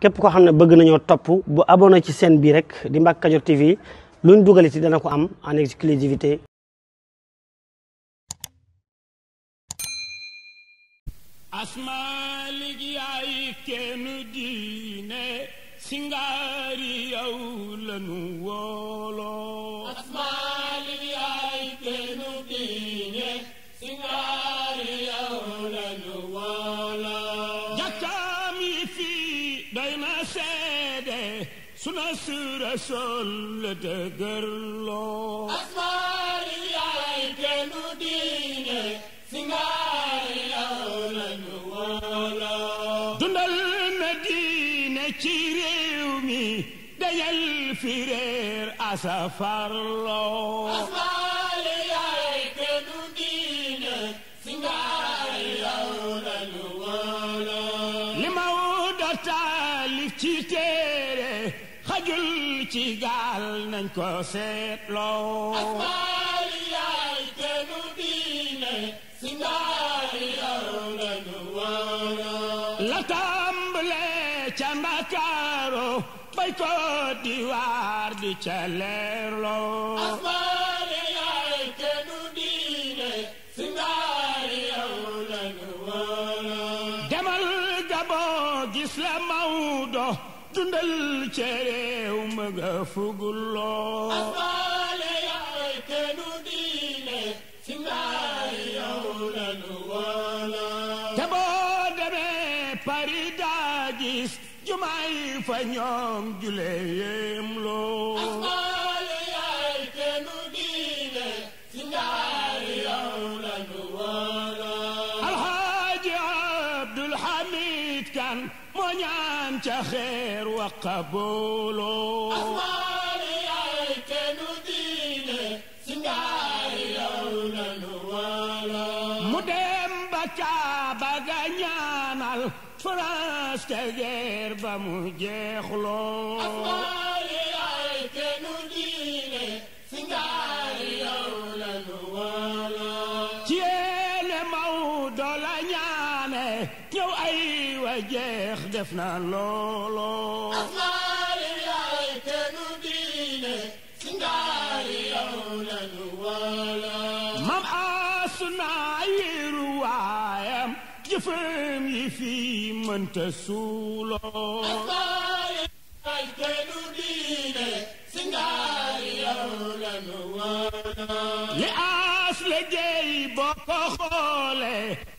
képp koo xam ne bëgg nañoo topp bu abonné ci seen bii rek di Mbacke Kadior TV luñ dugal ci dana ko am en exclusivité asmalik yaay kennu diine singaari yow lanu wooloo sol te gërloo asmaari yaay kennu diine si ngaari yow lañu wooloo dundal na diine ci réew mi dajal fi réer asafarloo asmaari yaay kennu diine si ngaari yow lañu wooloo li maw do taalif ci téere xajul ci gaal nañ ko seetloo asmaali ca Ndakaaru bay ko waar di ca leerloo dikkal ca réew ma nga fuguloo asmaale yaay kenu diine si ngaay yow la nu wala te boo demee Paris daa jumaay fa ñoom ca xeer wa qabooloo asmaani ay kenu diine si ngaari yow lanu mu dem ba kaaba ga ñaanal France ca geer ba mu jeexloo def na looloo li as la jeey boo ko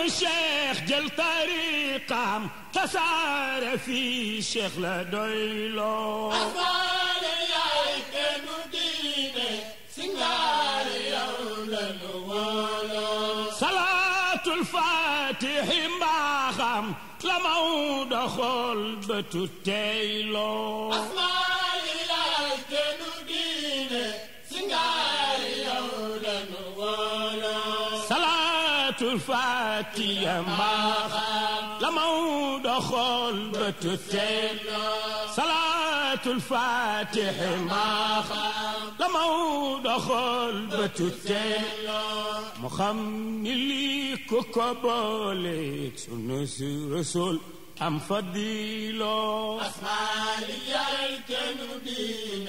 ibnu cheikh jël tariqaam tasaare fii cheikh la doyloo asmaale yaay kennu diine singaari yow la nu wooloo salaatul faatixi mbaaxam la maw doxol bëtu teyloo الفاتية ماخا لمو دخل بتسين صلاة الفاتح ماخا لمو دخل بتسين مخملي كوكبوليك سنس رسول أم فضيلو أسمع لي الكنودين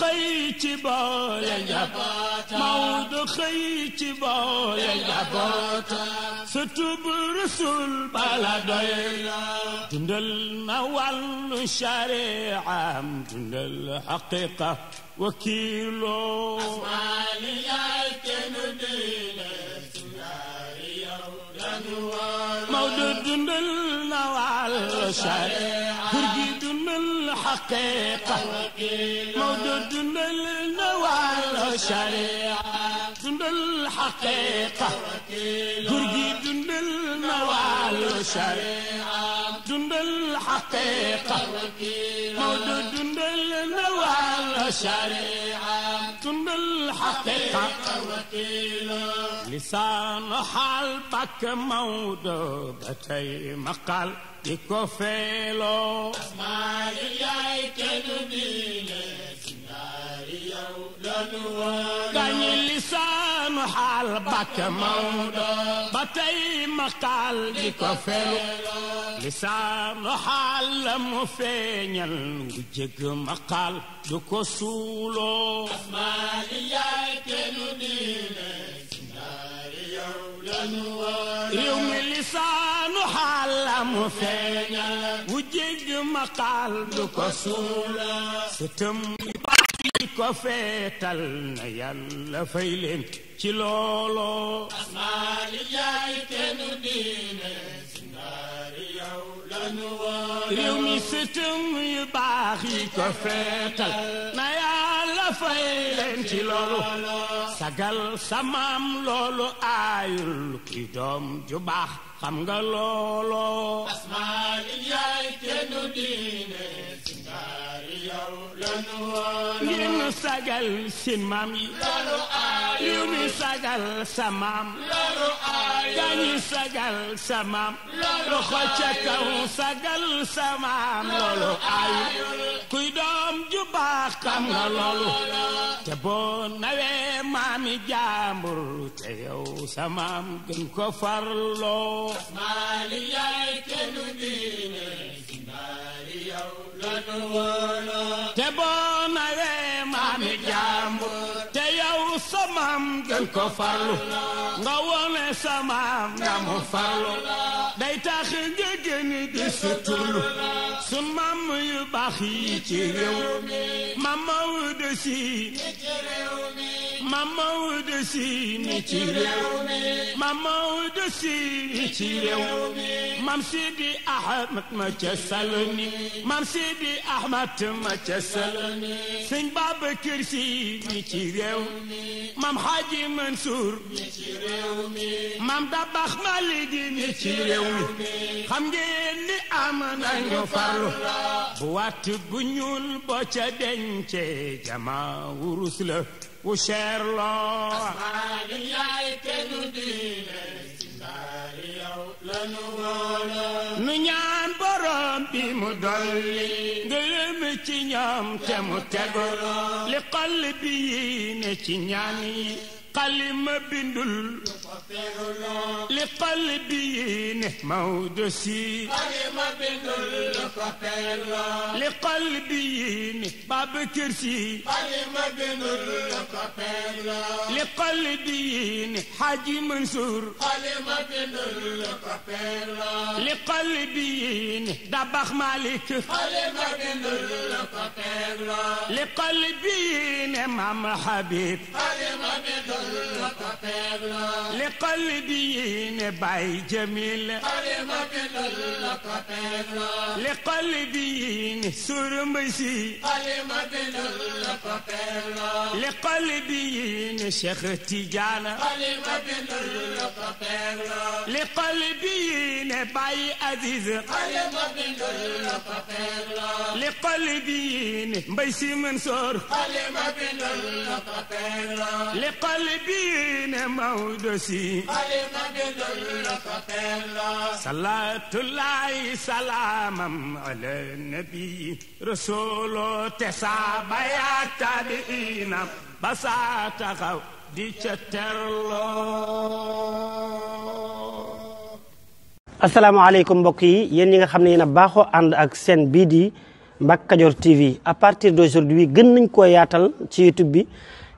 xëy ci boole njaboot Maodo xëy ci boole njaboot sutub rusul bala doy dundal na wàllu shariam dundal xaqiqa wakiiloo asmaani yaay kenn diine Maodo dundal na wàllu shariam xaqiqa Maodo dundal na wàllu sharia dundal xaqiqa gur gi dundal na wàllu sharia dundal xaqiqa Maodo dundal na wàllu sharia بالحقيقة وكيلا لسان حال بك مودو بتي مقال ديكو فيلو اسمعي يا كنبيلي gañi lisaanu xaal bàkke Maodo ba tey maqaal di ko felu lisaanu xaal la mu feeñal ngu maqaal du ko suuloo asmaani yaay diine ndaari yow lañu war lisaanu xaal la mu feeñal ngu maqaal du ko suuloo sëtëm ki ci loolo asmaali yaay teenu diine ci loolu sagal samaam loolu aayul ki doom ju baax xam ga looloo asmaali yaay teenu diine ngir nu sagal seen maam yi yu mi sagal sa maam dañu sagal sagal sa loolu ayul kuy doom ju baax loolu te boo nawee maami jaambur te yow sa gën ko farloo maali yaay te nu diine si maali gën ko farlu nga ne maam yu yi ci réew mi maam Maodo Si Si mi ci réew mi maam Maodo Si mi ci réew mi maam Sidi Ahmad ma ma ca Saloni sëñ Babacar Si mi ci réew mi maam Xaaji Mansour mi ci réew mi maam da baax maa léegi ni ci réew xam ngeen ni am nañu farlu bu wàtt bu ñuul boo ca dencee jama wurus la wu cher nu ñaan borom bi mu dolli ngërëm ci ñoom te mu tegul li xol bi yi ne ci ñaan قلم بندل لقلبي نحمة ودسي قلم بندل لقلبي نحمة بكرسي قلم بندل لقلبي حاجي منصور قلم بندل لقلبي دبخ مالك قلم بندل لقلبي مام حبيب قلم بندل li qalbi ne bay jamil li qalbi ne surmbisi li qalbi ne Cheikh Tidiane li qalbi ne bay Aziz li qalbi ne mbay si Mansour li qalbi diine Maodo si. nabi rasooloo te saaba yaa tabiina ba saa taxaw di ca terloo. asalaamaaleykum mbokk yi yéen ñi nga xam ne yéen a baaxoo ànd ak seen bii di Mbacke Kadior TV à partir d'aujourd'hui gën nañ koo yaatal ci YouTube bi.